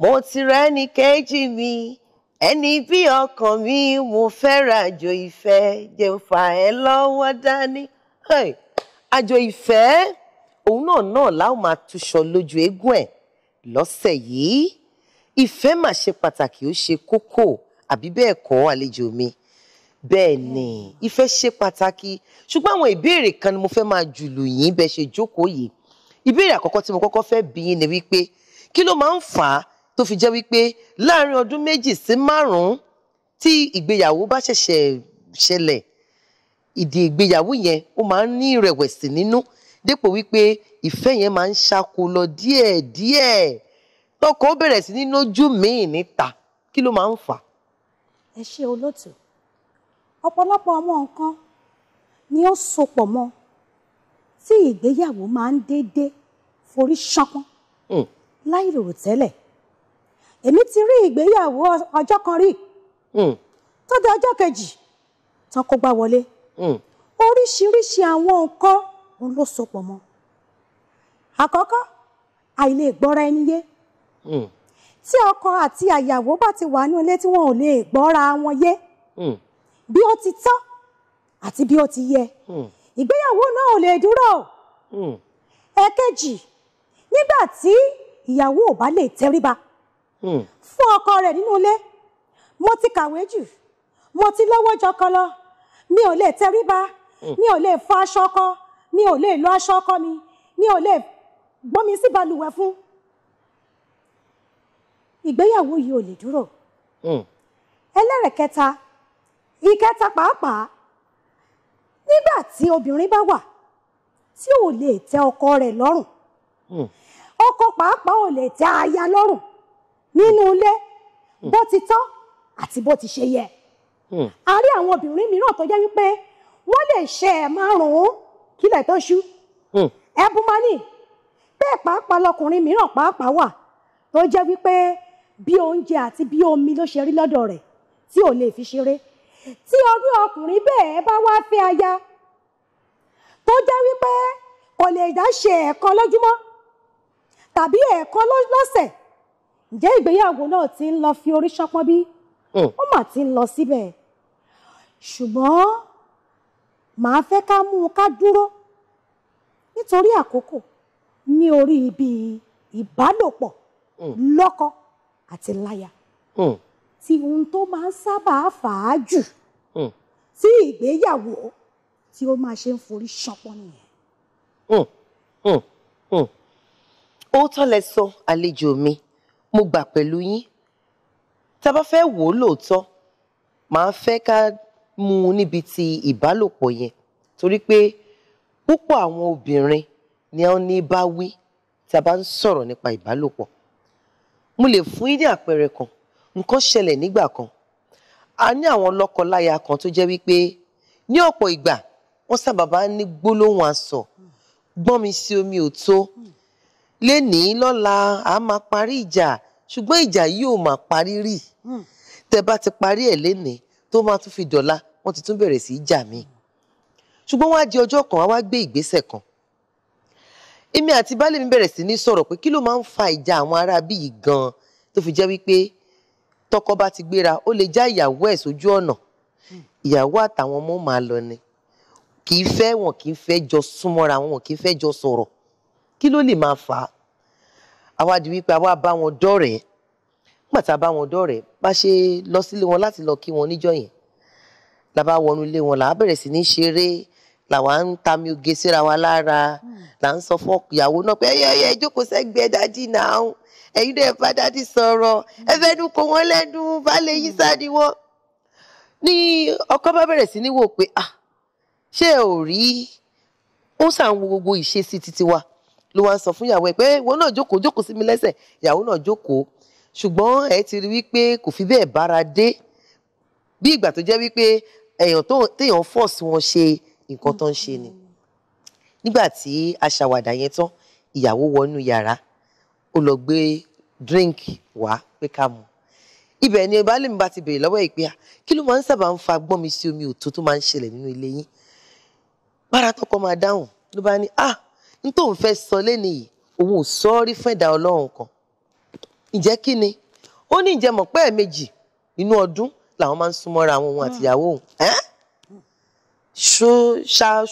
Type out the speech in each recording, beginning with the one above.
mo ti rẹ́ni kejì mi ẹni bí ọkàn mi mo fẹ́ràn àjò ìfẹ́ jẹ́ fà ẹ́ lọ́wọ́ dání àjò ìfẹ́ òun náà náà láwọn máa túṣọ lójú eégún ẹ̀ lọ́sẹ̀ yìí ìfẹ́ mà ṣe pàtàkì ó ṣe kókó àbí bẹ́ẹ̀ kọ́ àlejò mi bẹ́ẹ̀ ni ìfẹ́ ṣe pàtàkì ṣùgbọ́n àwọn ìbéèrè kan ni mo fẹ́ máa jùlù yín bẹ́ẹ̀ ṣe jókòó yìí ìbéèrè àkọ́kọ́ tí mo kọ́kọ́ fẹ́ bi yín ni wípé kí ló máa ń fà á tó fi jẹ́ wípé láàrin ọdún méjì sí márùn-ún tí ìgbéyàwó bá ṣẹ̀ṣẹ̀ ṣẹlẹ̀ ìdí ìgbéyàwó yẹn ó máa ń ní ìrẹ̀wẹ̀sì nínú dépò wípé ìfẹ́ yẹn máa ń ṣako lọ díẹ̀díẹ̀ tọkọ ó bẹ̀rẹ̀ sí ní lójú míì níta kí ló máa ń fà. ẹ ṣe olóòtú ọ̀pọ̀lọpọ̀ ọmọ nǹkan ni ó sopọ̀ mọ́ tí ìgbéyàwó máa ń déédéé forí ṣánpọ́n hmm. láì rò tẹ́lẹ̀ èmi ti rí ìgbéyàwó ọjọ́ kan rí hmm. tó di ọjọ́ kejì tán kó gbá wọlé hmm. oríṣiríṣi àwọn nǹkan òun ló so pọ̀ mọ́ àkọ́kọ́ àìlè gbọ́ra ẹni yé hmm. tí ọkọ àti àyàwó bá ti wà ní ilé tí wọn ò lè gbọ́ra wọn yé bí ó ti tọ́ àti bí ó ti yẹ ìgbéyàwó náà ò lè dúró ẹ̀kejì nígbà tí ìyàwó ò bá lè tẹríba. Hmm. fún ọkọ rẹ̀ nínú ilé mo ti kàwé jù mo ti lọ́wọ́ jọkọ lọ mi ò lè tẹríba hmm. mi ò lè fọ aṣọ ọkọ mi ò lè lọ aṣọ ọkọ mi mi ò lè gbọ́mi sí balùwẹ̀ fún ìgbéyàwó yìí ò lè dúró hmm. ẹlẹ́rẹ̀kẹta ìkẹta pàápàá nígbà tí obìnrin bá wà tí ò lè tẹ ọkọ rẹ̀ lọ́rùn ọkọ pàápàá ò lè tẹ aya lọ́rùn nínú ilé bó ti tọ́ àti bó ti ṣe yẹ. Hmm. a rí àwọn obìnrin mìíràn tó jẹ́ wípé wọ́n lè ṣe ẹ̀ márùn-ún kílẹ̀ tó ṣú. Hmm. ẹ̀bùn máa ní bẹ́ẹ̀ pàápàá lọkùnrin mìíràn pàápàá wà tó jẹ́ wípé bí oúnjẹ àti bí omi ló ṣe rí lọ́dọ̀ rẹ̀ tí ò lè fi ṣeré. tí ọdún ọkùnrin bẹ́ẹ̀ bá wá fẹ́ aya tó jẹ́ wípé kò lè dá ṣe ẹ̀ẹ̀kan lójúmọ́ tàbí ẹ̀ẹ̀kan lọ́sẹ̀ ǹjẹ́ ìgbéyàwó náà ti ń lọ fi orí ṣánpọ́n bí ó mà ti ń lọ síbẹ̀ ṣùgbọ́n màá fẹ́ ká mú un ká dúró nítorí àkókò ní orí ibi ìbálòpọ̀ lọ́kọ àti láya tí ohun tó máa ń sábà fà á jù tí ìgbéyàwó tí ó máa ṣe ń forí ṣánpọ́n nìyẹn. ó tán sọ àlejò mi mo gbà pẹ̀lú yín tá a bá fẹ́ wò ó lóòótọ́ màá fẹ́ ká mú un níbi ti ìbálòpọ̀ yẹn torí pé púpọ̀ àwọn obìnrin ni wọ́n ní bá wí tá a bá ń sọ̀rọ̀ nípa ìbálòpọ̀ mo lè fún yín ní àpẹẹrẹ kan nǹkan ṣẹlẹ̀ nígbà kan a ní àwọn lọ́kọ-láya kan tó jẹ́ wípé ní ọ̀pọ̀ ìgbà wọ́n sábà bá ní gbólóhùn asọ̀ gbọ́n mi sí omi ò tó lénìí lọ́la a máa parí ìjà ṣùgbọ́n ìjà yìí ò máa parí rí hmm. tẹ bá ti parí ẹ̀ lénìí tó máa tún fi dọ̀la wọ́n ti tún bẹ̀rẹ̀ sí í jà mí ṣùgbọ́n wá di ọjọ́ kan wá gbé ìgbésẹ̀ kan èmi àti baálé mi bẹ̀rẹ̀ sí ní sọ̀rọ̀ pé kí ló máa ń fa ìjà àwọn ará bí yìí gan tó fi jẹ́ wípé tọkọ bá ti gbéra ó lè já ìyàwó ẹ̀ sójú ọ̀nà hmm. ìyàwó àtàwọn ọmọ máa lọ ni kì í fẹ́ wọn kì í fẹ́ jọ súnmọ́ra wọn kì í fẹ́ jọ sọ̀rọ̀ kí ló lè máa fà á àwa di wípé àwa bá wọn dọ̀rẹ́ nígbà tá a bá wọn dọ̀rẹ́ bá ṣe lọ sílé wọn láti lọ kí wọn níjọ́ yẹn la bá wọnú ilé wọn là á bẹ̀rẹ̀ sí ní ṣeré làwa ń tami oge síra wa lára là ń sọ fún ìyàwó náà pé ẹyẹ ẹyẹ ìjókòó sẹ́gbẹ̀ẹ́ dádì náà ẹ̀yin náà bá dádì sọ̀rọ̀ ẹ fẹ́ nu kò wọ́n lẹ́nu balẹ̀ yín sáni wọ́n. ní ọkọ bá bẹ̀rẹ̀ sí ní wò pé ah ṣé ò rí ó sàn wo gbogbo ìṣesí títí wa ló wá ń sọ fún ìyàwó ẹ pé ìwọ náà jókòó jókòó sí mi lẹ́sẹ̀ ìyàwó náà jókòó ṣùgbọ́n ẹ ti rí wípé kò fi bẹ́ẹ̀ bára dé bí ìgbà tó jẹ́ wípé èèyàn téèyàn force wọn ṣe nǹkan tó ń ṣe ni nígbà tí a ṣàwàdà yẹn tán ìyàwó wọnú yàrá ó lọ gbé drink wá pé ká mu ibẹ̀ ni baálé mi bá ti bèrè lọ́wọ́ ìpínyà ah, kí ló máa ń sábà ń fa gbọ́n mi sí omi òtó tó máa ń ṣẹlẹ̀ nínú ilé yín bára tọkọ máa dáhùn ló bá ní ah n tó ń fẹ́ sọ lénìí òun ò sọ́ọ́rí fún ẹ̀dá ọlọ́run kan ǹjẹ́ kí ni ó ní ǹjẹ́ mọ̀ pé ẹ̀ẹ̀mejì inú ọdún làwọn máa ń súnmọ́ra àwọn hmm. òun àtìyàwó òun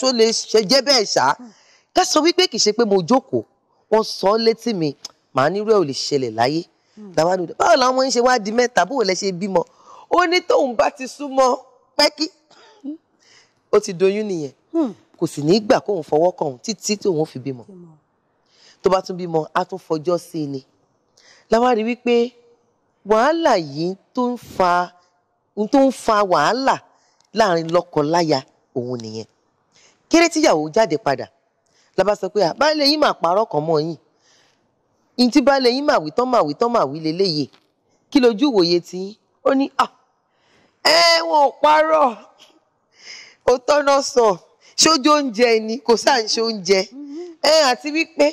ṣó lè ṣe jẹ́ bẹ́ẹ̀ ṣá ká sọ wípé kì í ṣe pé mo jókòó wọ́n sọ ọ́ létí mi màá nírú ẹ̀ ò lè ṣẹlẹ̀ láyé dàwọn hmm. àdúgbò báwo làwọn ọmọ yín ṣe wá di mẹ́ta bóun lẹ ṣe bímọ ó ní tóun bá ti súnmọ́ pẹ́kí ó ti doyún nìyẹn hmm kò sì ní gbà kóun fọwọ́ kàn títí tí òun fi bímọ tó bá tún bímọ á tún fọjọ́ sí i ni làwọn rí wípé wàhálà yìí tó ń fa tó ń fa wàhálà láàrin lọ́kọ-láya òun nìyẹn kéré tíyàwó jáde padà la bá sọ pé àbálẹ yìí máa parọ́ kan mọ́ yìí ntí baálé yín màwí tán màwí tán màwí leléyè kí lójú wòye tí ó ní ẹ wọn ò parọ́ òótọ́ náà sọ. So ṣójú oúnjẹ ni kò sáà ń ṣe oúnjẹ ẹ àti wípé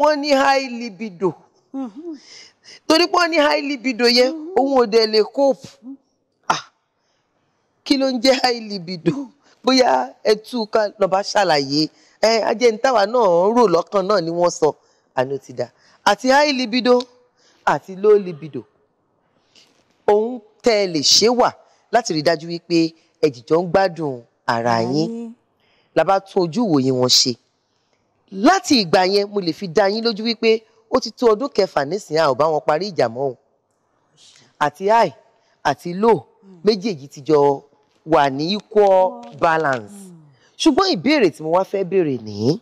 wọ́n ní high libido torí pé wọ́n ní high libido yẹn òun ò dẹ̀ lè cope kí ló ń jẹ́ high libido bóyá ẹtú ká lọ́ba ṣàlàyé ẹ ajẹ́ntàwá náà rò lọ́kàn náà ni wọ́n sọ àná ti dà àti high libido àti low libido òun tẹ́ ẹ lè ṣe wà láti rí dájú wípé ẹ̀jìjọ́ ń gbádùn ara yín la bá tún ojú ìwòye wọn ṣe láti ìgbà yẹn mo lè fi dá yín lójú wípé ó ti tó ọdún kẹfà nísìnyí a ò wọn parí ìjà mọ́ o àti high àti low méjèèjì ti jọ wà ní equal balance ṣùgbọ́n ìbéèrè tí mo wá fẹ́ béèrè nìyí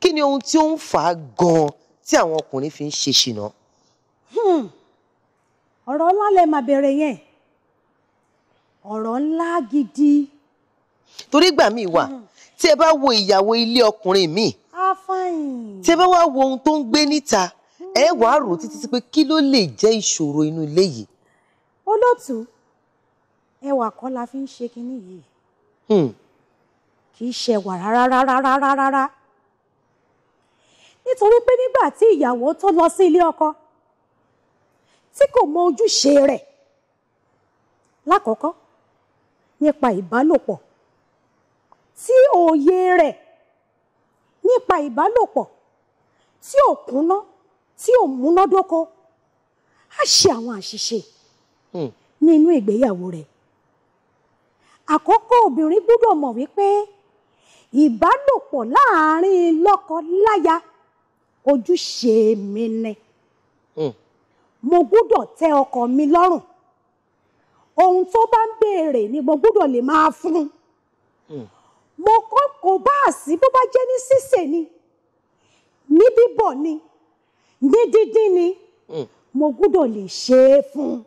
kí ni ohun tí ó ń fà á gan-an tí àwọn ọkùnrin fi ń ṣe ṣìnà. Hmm. ọ̀rọ̀ ńlá lẹ máa bẹ̀rẹ̀ yẹn ọ̀rọ̀ ńlá gidi. torí gbà míì wà. Hmm tí ẹ bá wo ìyàwó ilé ọkùnrin mi tí ẹ bá wá wo ohun tó ń gbé níta ẹ wàá rò títí sí pé kí ló lè jẹ́ ìṣòro inú ilé yìí. olóòtú ẹwà kọ́ la fi ń ṣe kinní yìí hmm. kì í ṣẹwà rárárárárárá nítorí pé nígbà tí ìyàwó tó lọ sí ilé ọkọ tí kò mọ ojúṣe rẹ̀ lákọ̀ọ́kọ́ nípa ìbálòpọ̀ tí òye rẹ̀ nípa ìbálòpọ̀ tí ò kúnná tí ò múnádóko á ṣe àwọn àṣìṣe hmm. nínú ìgbéyàwó rẹ̀ àkọ́kọ́ obìnrin gbọ́dọ̀ mọ̀ wípé ìbálòpọ̀ láàárín lọ́kọ-láya ojúṣe mi ni hmm. mo gbọ́dọ̀ tẹ́ ọkọ mi lọ́rùn ohun tó bá ń béèrè ni mo gbọ́dọ̀ lè máa fún un hmm mo kọ́ kò bá àsí bó bá jẹ́ ní sísè ni ní bíbọ̀ ni ní dídín ni hmm. mo gbúdọ̀ lè ṣe é fún un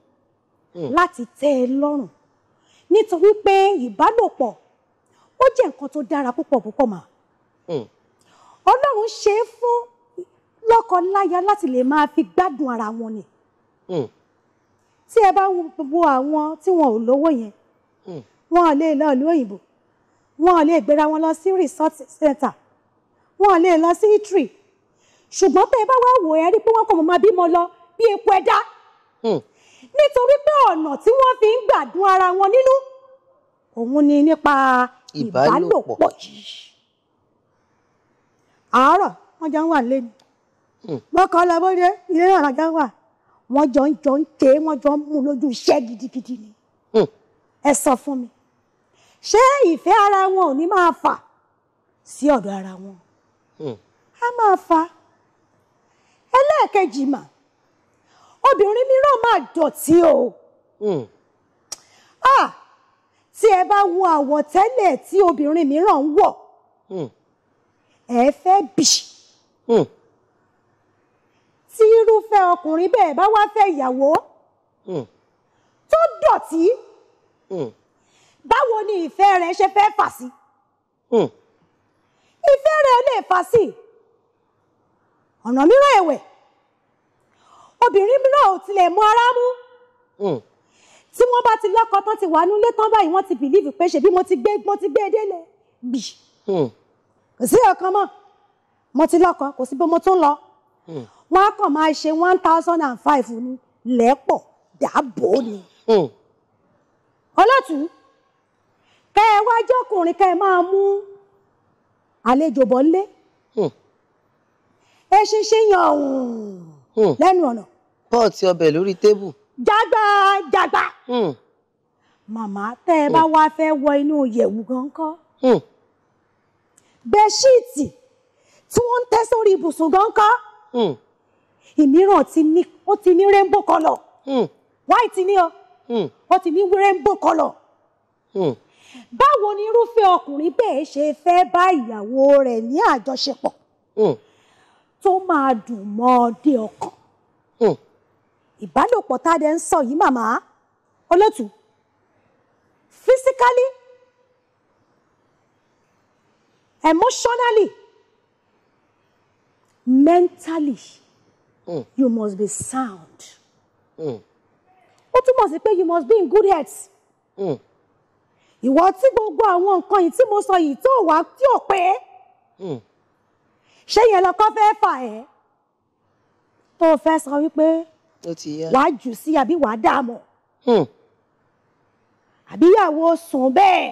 hmm. láti tẹ́ ẹ lọ́rùn nítorí pé ìbálòpọ̀ ó jẹ́ nǹkan tó dára púpọ̀ púpọ̀ mà hmm. ọlọ́run ṣe é fún lọ́kọ-láya láti lè máa fi gbádùn ara wọn ni tí ẹ bá wo àwọn tí wọn ò lówó yẹn wọn ò lè lọ ìlú òyìnbó wọn ò lè gbéra wọn lọ sí resort center wọn ò lè lọ sí eatery ṣùgbọ́n bẹ́ẹ̀ bá wá wò ẹ́ rí pé wọ́n kò mọ̀ máa bímọ lọ bí epo ẹ̀dá hmm. nítorí pé ọ̀nà tí wọ́n fi ń gbádùn ara wọn nínú òun ni nípa ìbálòpọ̀ yìí àárọ̀ wọ́n jọ ń wà lẹ́nu hmm. wọ́n kọ́ lọ bóde ilé náà lọ́jọ́ wà wọ́n jọ ń jọ ń ké wọ́n jọ ń mú lójú iṣẹ́ gidigidi ni hmm. ẹ sọ fún mi ṣé ìfẹ́ ara wọn ò ní máa fà sí ọ̀dọ̀ ara wọn hmm. a máa fa ẹlẹ́ẹ̀kejì mà obìnrin mìíràn máa dọ̀tí o ah tí ẹ bá wo àwọ̀tẹ́lẹ̀ tí obìnrin mìíràn ń wọ̀ hmm. ẹ fẹ́ bì tí irúfẹ́ ọkùnrin bẹ́ẹ̀ bá wá fẹ́ ìyàwó tó dọ̀tí báwo ni ìfẹ́ rẹ ṣe fẹ́ fà sí. Hmm. ìfẹ́ rẹ lè fà sí ọ̀nà mìíràn ẹ̀wẹ̀ obìnrin náà ò tilẹ̀ mọ ara mú hmm. tí wọ́n bá ti lọ́kọ tán ti wà nílé tán báyìí wọ́n ti bìlíìfù pé ṣebí mo ti gbé mo ti gbé e délé bì hmm. kò sí ọ̀kan mọ́ mo ti lọ́kọ kò sí bí mo tún lọ wọ́n á kàn máa ṣe one thousand and five ní lẹ́pọ̀ dàbò ni ọlọ́tún. Mm kẹ́ ẹ wá jọ́kùnrin kẹ́ ẹ máa mú àlejò bọ́ lé eṣinṣin yan ọ̀hún lẹ́nu ọ̀nà. pọ́ọ̀tì ọbẹ̀ lórí tébù. jágbá jágbá. Hmm. màmá tẹ́ ẹ bá hmm. wá fẹ́ wọ inú yẹ̀wù gan-an hmm. bẹ́ṣíìtì tí wọ́n ń tẹ́ sórí ibùsùn gan-an ìmíràn ó ti ní rainbow colour white ni o ó ti ní rainbow colour báwo ni irúfẹ́ ọkùnrin bẹ́ẹ̀ ṣe fẹ́ bá ìyàwó rẹ̀ ní àjọṣepọ̀ hmm. tó máa dùn mọ́ ọ dé ọkàn hmm. ìbálòpọ̀ tá a dẹ̀ ń sọ yìí màmá olótù physically emotionally mentally mm. you must be sound hmm. ó túmọ̀ sí pé you must be in good health. Mm ìwọ tí gbogbo àwọn nǹkan yìí tí mo sọ yìí tó wà tí ò pé hmm. ṣé yẹn lọkọ fẹ́ fà ẹ́ tó o fẹ́ sọ wípé wàá jù sí àbí wàá dààmú hmm. àbíyàwó sùn bẹ́ẹ̀.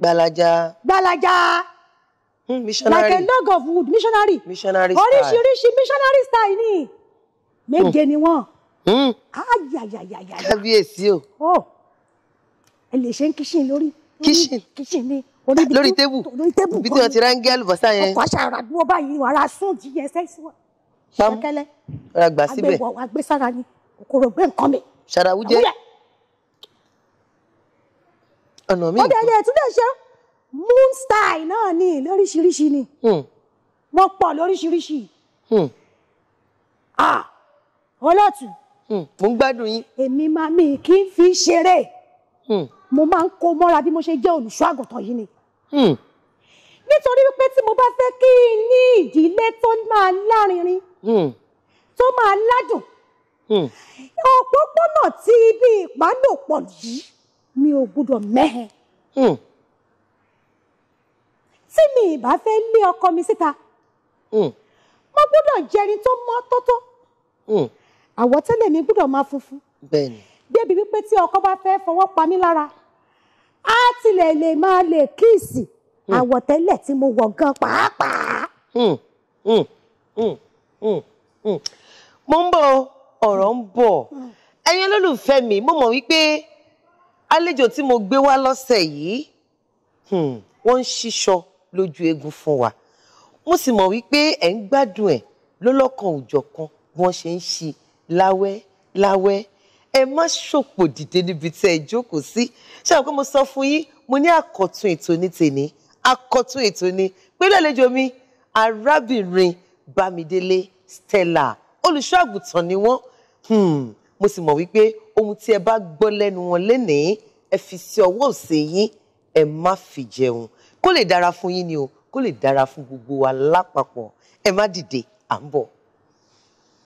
gbalaja. gbalaja. Hmm, missionary like a log of wood missionary. missionary style oríṣiríṣi missionary style ni méje ni wọn. kábíyèsí o. Oh ẹ lè ṣe ń kíṣìn lórí kíṣìn ní orí lórí tébù lórí tébù bí tí wọn ti rángẹ àlùbọ́sà yẹn ọkọ aṣara dúró báyìí wàrà sùn jí ẹsẹ̀ ìṣúwà ṣẹkẹlẹ ọ̀rọ̀ àgbà síbẹ̀ àgbẹ̀wò àgbẹ̀sára ni kòkòrò gbé nǹkan mi ṣàràwújẹ ọ̀nà míì ọ̀dẹ̀ ẹ̀dẹ̀ tún lè ṣe moon style náà ni lóríṣiríṣi ni hmm. wọ́n pọ̀ lóríṣiríṣi ọlọ́tù hmm. hmm. mo ń gbádùn yín èmi máa mi kì í fi ṣeré mo máa ń kó mọ́ra bí mo ṣe jẹ́ olùṣọ́ àgùntàn yìí ni. Hmm. nítorí wípé tí mo bá fẹ́ kí n ní ìdílé tó máa lárinrin hmm. tó máa ládùn hmm. òpópónà tí ibi ìbálòpọ̀ yìí mi ò gbúdọ̀ mẹ́hẹ. tí mi ìbá fẹ́ lé ọkọ mi síta mo gbúdọ̀ jẹni tó mọ́ tótó àwọ̀tẹ́lẹ̀ mi gbúdọ̀ máa funfun débi wípé tí ọkọ bá fẹ́ fọwọ́ pa mí lára á tilẹ̀ lè máa lè kíìsì àwọ̀tẹ́lẹ̀ tí mo wọ̀ gan pàápàá. Hmm, hmm, hmm, mo ń bọ̀ ọ̀rọ̀ ń bọ̀ ẹ̀yin olólùfẹ́ mi mo mọ̀ wípé àlejò tí mo gbé wá lọ́sẹ̀ yìí wọ́n ń ṣíṣọ lójú eegun fún wa mo sì mọ̀ wípé ẹ̀ ń gbádùn ẹ̀ lọ́lọ́kan òjọ̀kan bí wọ́n ṣe ń ṣí láwẹ́ láwẹ́ ẹ má ṣòpò dìde níbi tẹ́ ẹ jókòó sí ṣé àwọn pé mo sọ fún yín mo ní àkọ̀tun ètò ní tèmi àkọ̀tun ètò ni pẹ̀lú àlejò mi arábìnrin Bámidélé Stella olùṣọ́ àgùntàn ni wọ́n hmm, mo sì mọ̀ wípé ohun tí ẹ bá gbọ́ lẹ́nu wọn lénìí ẹ fi sí ọwọ́ òsè yín ẹ má fi jẹun kó lè dára fún yín ni o kó lè dára fún gbogbo wa lápapọ̀ ẹ má dìde à ń bọ̀.